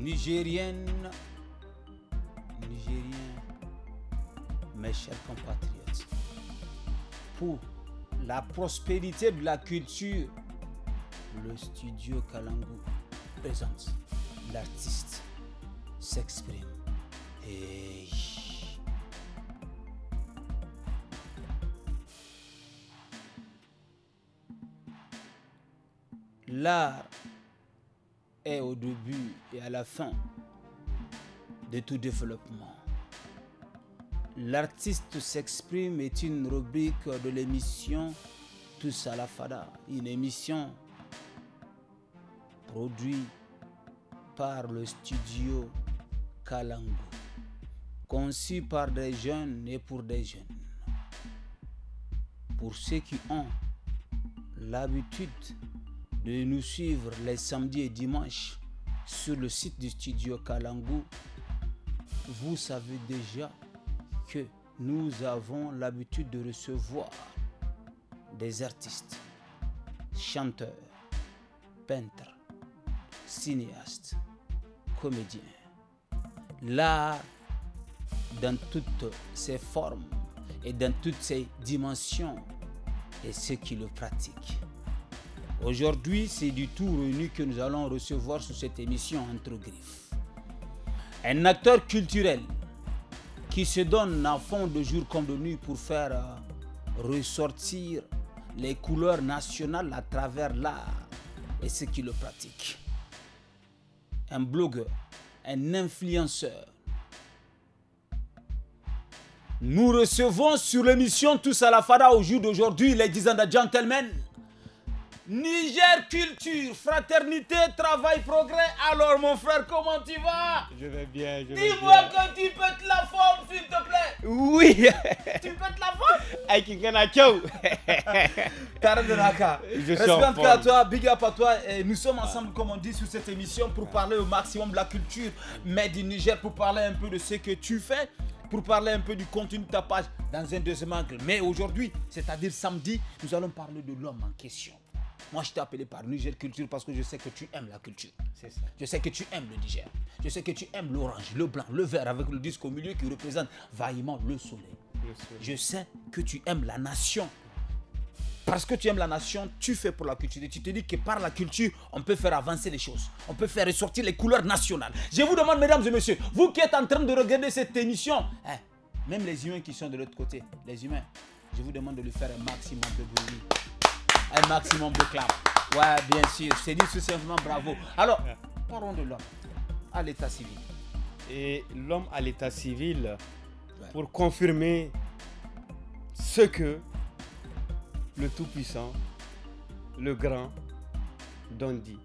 nigérienne, nigérien, mes chers compatriotes, pour la prospérité de la culture, le studio Kalangu présente l'artiste s'exprime. Et... L'art est au début et à la fin de tout développement. L'artiste s'exprime est une rubrique de l'émission Tous à la Fada, une émission produite par le studio Kalango, conçue par des jeunes et pour des jeunes. Pour ceux qui ont l'habitude de nous suivre les samedis et dimanches sur le site du studio Kalangu, vous savez déjà que nous avons l'habitude de recevoir des artistes, chanteurs, peintres, cinéastes, comédiens. L'art dans toutes ses formes et dans toutes ses dimensions et ceux qui le pratiquent. Aujourd'hui, c'est du tout renu que nous allons recevoir sur cette émission Entre Griffes. Un acteur culturel qui se donne à fond de jour comme de nuit pour faire euh, ressortir les couleurs nationales à travers l'art et ceux qui le pratiquent. Un blogueur, un influenceur. Nous recevons sur l'émission Tous à la Fada au jour d'aujourd'hui, les 10 ans de gentlemen, Niger culture, fraternité, travail, progrès. Alors mon frère, comment tu vas Je vais bien, je vais bien. Dis-moi que tu te la forme, s'il te plaît. Oui. tu te la forme Aïe, Kingana Kyo. Respect en à toi, big up à toi. Et nous sommes ensemble, comme on dit, sur cette émission pour parler au maximum de la culture, mais du Niger, pour parler un peu de ce que tu fais pour parler un peu du contenu de ta page dans un deuxième angle. Mais aujourd'hui, c'est-à-dire samedi, nous allons parler de l'homme en question. Moi, je t'ai appelé par Niger Culture parce que je sais que tu aimes la culture. Je sais que tu aimes le Niger. Je sais que tu aimes l'orange, le blanc, le vert avec le disque au milieu qui représente vaillamment le soleil. Je sais que tu aimes la nation. Parce que tu aimes la nation, tu fais pour la culture. Et tu te dis que par la culture, on peut faire avancer les choses. On peut faire ressortir les couleurs nationales. Je vous demande, mesdames et messieurs, vous qui êtes en train de regarder cette émission, hein, même les humains qui sont de l'autre côté, les humains, je vous demande de lui faire un maximum de bruit un maximum de clap. Ouais, bien sûr. C'est dit tout simplement bravo. Alors, parlons de l'homme à l'état civil. Et l'homme à l'état civil, pour confirmer ce que le Tout-Puissant, le Grand, Dondi,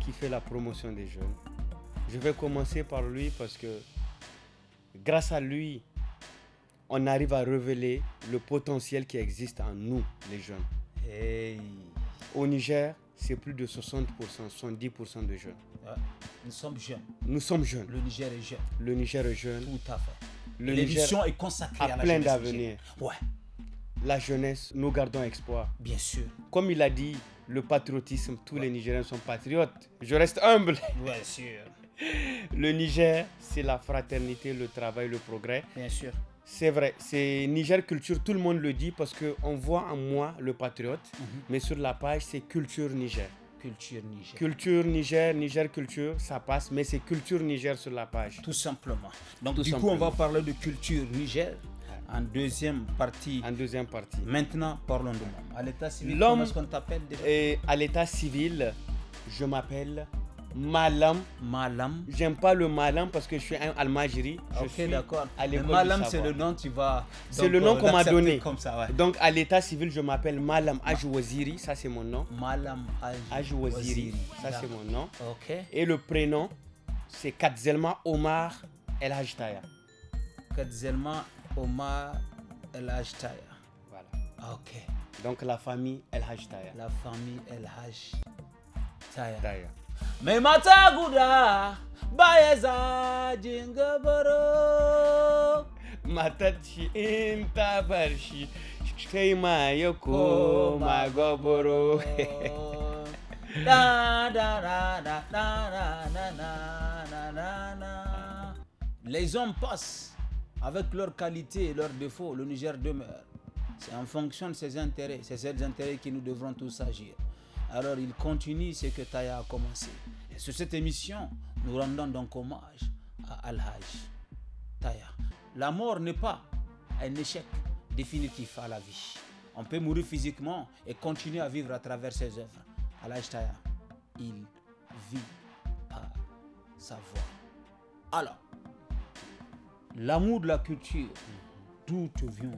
qui fait la promotion des jeunes. Je vais commencer par lui parce que grâce à lui, on arrive à révéler le potentiel qui existe en nous, les jeunes. Au Niger, c'est plus de 60%, 70% de jeunes. Nous sommes jeunes. Nous sommes jeunes. Le Niger est jeune. Le Niger est jeune. Tout à fait. L'émission est consacrée à, à la plein d'avenir. La jeunesse, nous gardons espoir. Bien sûr. Comme il a dit, le patriotisme, tous les Nigériens sont patriotes. Je reste humble. Bien sûr. Le Niger, c'est la fraternité, le travail, le progrès. Bien sûr. C'est vrai, c'est Niger Culture, tout le monde le dit parce qu'on voit en moi le patriote, mhm. mais sur la page c'est Culture Niger. Culture Niger. Culture Niger, Niger Culture, ça passe, mais c'est Culture Niger sur la page. Tout simplement. Donc du coup on va parler de Culture Niger en deuxième partie. En deuxième partie. Maintenant parlons de moi. À l'état civil, comment est-ce qu'on t'appelle À l'état civil, je m'appelle Malam. Malam. J'aime pas le Malam parce que je suis un Almagiri. Je ok, d'accord. Malam, c'est le nom tu vas. C'est le nom euh, qu'on m'a donné. Donc à l'état civil, je m'appelle Malam Ajwaziri Ça, c'est mon nom. Malam Ajouaziri. Ça, c'est mon nom. Ok. Et le prénom, c'est Katzelma Omar El Hajtaya. Katzelma Omar El Hajtaya. Voilà. Ok. Donc la famille El Hajtaya. La famille El Hajtaya. Mais guda bayeza jinga baro ta bar shi kai Da goboro da da da da da da da da da da les hommes passent avec leurs qualités et leurs défauts le Niger demeure c'est en fonction de ses intérêts c'est ces intérêts que nous devrons tous agir alors il continue ce que Taya a commencé. Et sur cette émission, nous rendons donc hommage à Al-Hajj Taya. La mort n'est pas un échec définitif à la vie. On peut mourir physiquement et continuer à vivre à travers ses œuvres. Al-Hajj Taya, il vit par sa voix. Alors, l'amour de la culture, d'où tu viens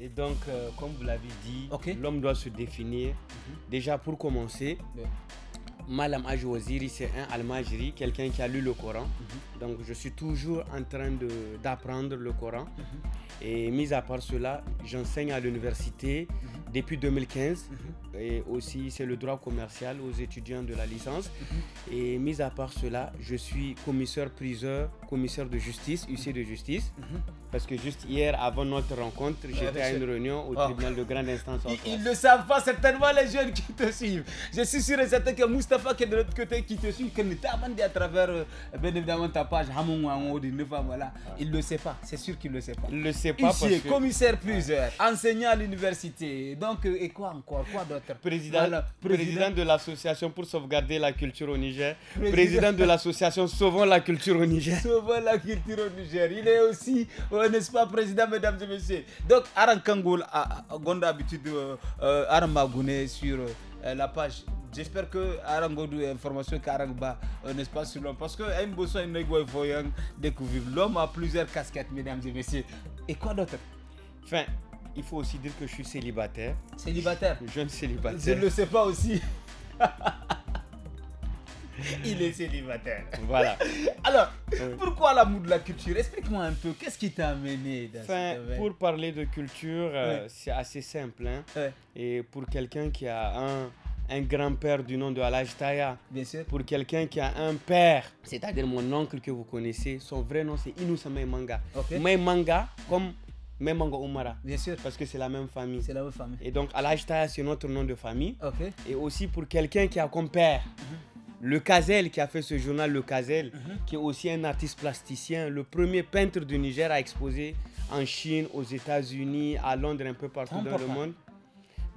et donc, euh, comme vous l'avez dit, l'homme doit se définir. Mhm. Déjà, pour commencer, Malam Aj c'est un almagiri, quelqu'un qui a lu le Coran. Mhm. Donc je suis toujours en train d'apprendre le Coran. Mhm. Et mis à part cela, j'enseigne à l'université mhm. depuis 2015. Et aussi, c'est le droit commercial aux étudiants de la licence. Et mis à part cela, je suis commissaire-priseur, commissaire de justice, huissier de justice. Parce que juste hier, avant notre rencontre, j'étais à une réunion au ah. tribunal de grande instance. Ils, ils ne savent pas certainement les jeunes qui te suivent. Je suis sûr et certain que Moustapha de l'autre côté, qui te suit, qui nous dit à travers, bien évidemment, ta page Hamon de voilà. Il ne le sait pas, c'est sûr qu'il ne le sait pas. Il le sait pas parce commissaire plusieurs, enseignant à l'université, donc, et quoi encore, quoi d'autre président, président, de l'association pour sauvegarder la culture au Niger, président, de l'association Sauvons la culture au Niger. Sauvons la culture au Niger. Il est aussi, n'est-ce pas, président, mesdames et messieurs. Donc, Aran Kangoul, a, a, a, a, sur la page J'espère que Arangodou est information qu'Arangba un euh, espace sur l'homme. Parce que eh, Mbosso et eh, voyant découvrir l'homme a plusieurs casquettes, mesdames et messieurs. Et quoi d'autre Enfin, il faut aussi dire que je suis célibataire. Célibataire Jeune célibataire. Je ne le sais pas aussi. il est célibataire. Voilà. Alors, pourquoi l'amour de la culture Explique-moi un peu, qu'est-ce qui t'a amené dans enfin, Pour parler de culture, euh, c'est assez simple. Hein. Et pour quelqu'un qui a un un grand-père du nom de Alaj Taya. Bien sûr. Pour quelqu'un qui a un père, c'est-à-dire mon oncle que vous connaissez, son vrai nom c'est Inusame Manga. Ok. Manga comme Manga Umara. Bien sûr. Parce que c'est la même famille. C'est la même famille. Et donc, Alaj Taya, c'est notre nom de famille. Ok. Et aussi pour quelqu'un qui a comme père. Mhm. Le Cazel qui a fait ce journal, Le Cazel, mhm. qui est aussi un artiste plasticien, le premier peintre du Niger à exposer en Chine, aux États-Unis, à Londres, un peu partout dans le monde.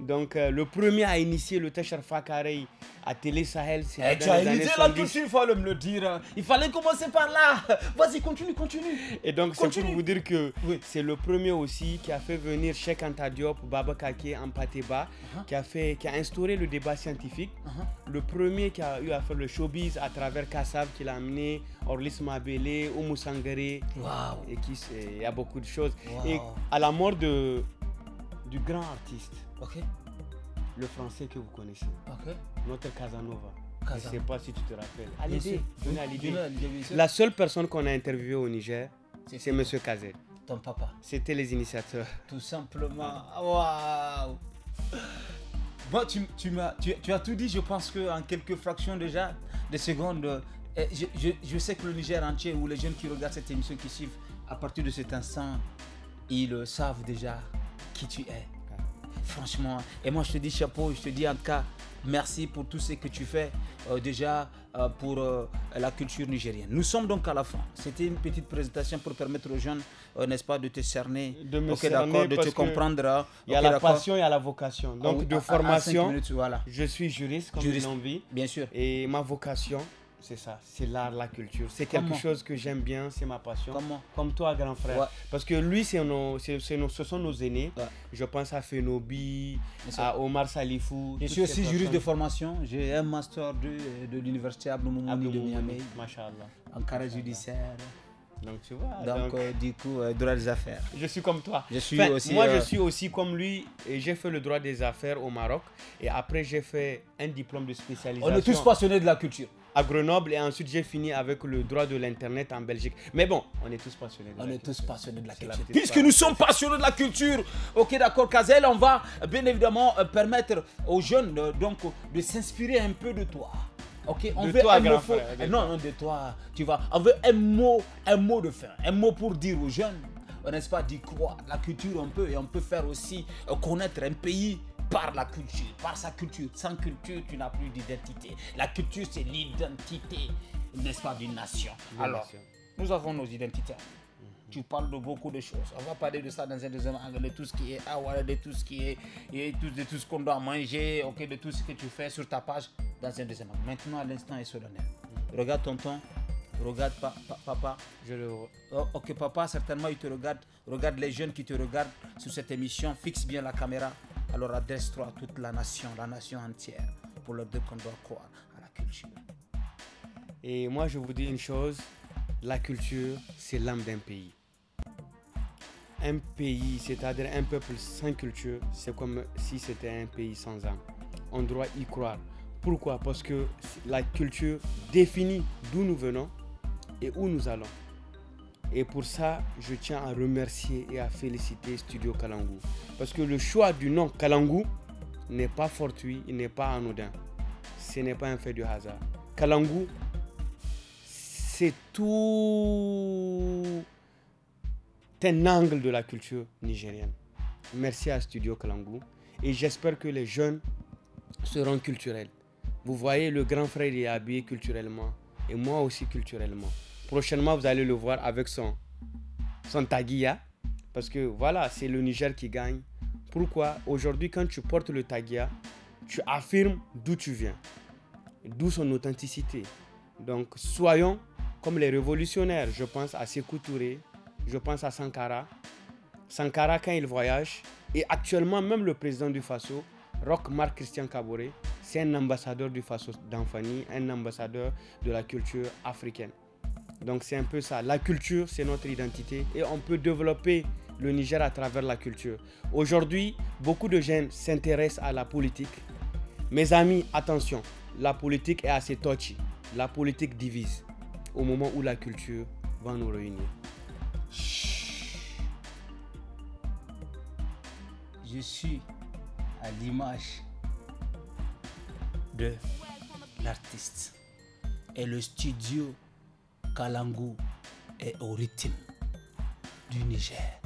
Donc, euh, le premier à initier le Tachar Fakarei à Télé Sahel, c'est Et eh, Tu as initié là tout de suite, il fallait me le dire. Hein. Il fallait commencer par là. Vas-y, continue, continue. Et donc, c'est pour vous dire que c'est le premier aussi qui a fait venir Cheikh Anta Diop, Baba Kake, Ampateba, uh-huh. qui, a fait, qui a instauré le débat scientifique. Uh-huh. Le premier qui a eu à faire le showbiz à travers Kassab, qui l'a amené, Orlis Mabele, Oumu Sangere. Wow. Et qui, il y a beaucoup de choses. Et à la mort de du grand artiste. Ok. Le français que vous connaissez. Ok. Notre Casanova. Je ne sais pas si tu te rappelles. l'idée. La seule personne qu'on a interviewée au Niger, c'est Monsieur Kazé. Ton papa. C'était les initiateurs. Tout simplement. Waouh! Moi, tu, m'as as, tu, as tout dit, je pense en quelques fractions déjà des secondes, eh, je, je, sais que le Niger entier ou les jeunes qui regardent cette émission qui suivent, à partir de cet instant, ils savent déjà qui tu es. Franchement. Et moi, je te dis chapeau, je te dis en tout cas, merci pour tout ce que tu fais euh, déjà euh, pour euh, la culture nigérienne. Nous sommes donc à la fin. C'était une petite présentation pour permettre aux jeunes, n'est-ce pas, de te cerner, de me cerner de te comprendre. Hein, il y a la passion, il y a la vocation. Donc ah de formation, je suis juriste comme juriste, envie. Bien sûr. Et ma vocation, c'est ça, c'est l'art, la culture. C'est quelque chose que j'aime bien, c'est ma passion. Comme toi, grand frère. Parce que lui, c'est c'est, ce sont nos aînés. Je pense à Fenobi, à Omar Salifou. Je suis aussi juriste de formation. J'ai un master de, de l'université Abdelmoumouni de Niamey. Machallah. En carré judiciaire. Donc tu vois. Donc, euh, du coup, euh, droit des affaires. Je suis comme toi. moi, je euh, suis aussi comme lui. et J'ai fait le droit des affaires au Maroc et après j'ai fait un diplôme de spécialisation. On est tous passionnés de la culture à Grenoble et ensuite j'ai fini avec le droit de l'Internet en Belgique. Mais bon, on est tous passionnés de on est tous passionnés de la culture. Puisque nous sommes passionnés de la culture, ok d'accord Kazel, on va bien évidemment euh, permettre aux jeunes euh, donc de s'inspirer un peu de toi. Ok, on veut un mot frère, de non, non, de toi, tu vois. On veut un mot, un mot de fin, un mot pour dire aux jeunes, n'est-ce pas, d'y croire, la culture on peut et on peut faire aussi euh, connaître un pays par la culture, par sa culture. Sans culture, tu n'as plus d'identité. La culture, c'est l'identité, n'est-ce pas, d'une nation. Alors, nous avons nos identités. Mhm. Tu parles de beaucoup de choses. On va parler de ça dans un deuxième angle, de tout ce qui est avoir, de tout ce qui est, et de tout ce qu'on doit manger, ok, de tout ce que tu fais sur ta page dans un deuxième angle. Maintenant, l'instant est solennel. Mhm. regarde Regarde tonton, regarde papa. Je le... Oh, ok, papa, certainement, il te regarde. Regarde les jeunes qui te regardent sur cette émission. Fixe bien la caméra. Alors adresse-toi à toute la nation, la nation entière, pour leur dire qu'on doit croire à la culture. Et moi, je vous dis une chose, la culture, c'est l'âme d'un pays. Un pays, c'est-à-dire un peuple sans culture, c'est comme si c'était un pays sans âme. On doit y croire. Pourquoi Parce que la culture définit d'où nous venons et où nous allons. Et pour ça, je tiens à remercier et à féliciter Studio Kalangu. Parce que le choix du nom Kalangu n'est pas fortuit, il n'est pas anodin. Ce n'est pas un fait du hasard. Kalangu, c'est tout un angle de la culture nigérienne. Merci à Studio Kalangu. Et j'espère que les jeunes seront culturels. Vous voyez, le grand frère est habillé culturellement et moi aussi culturellement. Prochainement, vous allez le voir avec son, son Parce que voilà, c'est le Niger qui gagne. Pourquoi Aujourd'hui, quand tu portes le tagia, tu affirmes d'où tu viens, d'où son authenticité. Donc, soyons comme les révolutionnaires. Je pense à Sekou Touré, je pense à Sankara. Sankara, quand il voyage, et actuellement, même le président du Faso, Roch Marc Christian Kabore, c'est un ambassadeur du Faso d'Anfani, un ambassadeur de la culture africaine. Donc c'est un peu ça. La culture, c'est notre identité et on peut développer le Niger à travers la culture. Aujourd'hui, beaucoup de jeunes s'intéressent à la politique. Mes amis, attention, la politique est assez touchy. La politique divise au moment où la culture va nous réunir. Je suis à l'image de l'artiste et le studio Kalangu est au rythme du Niger.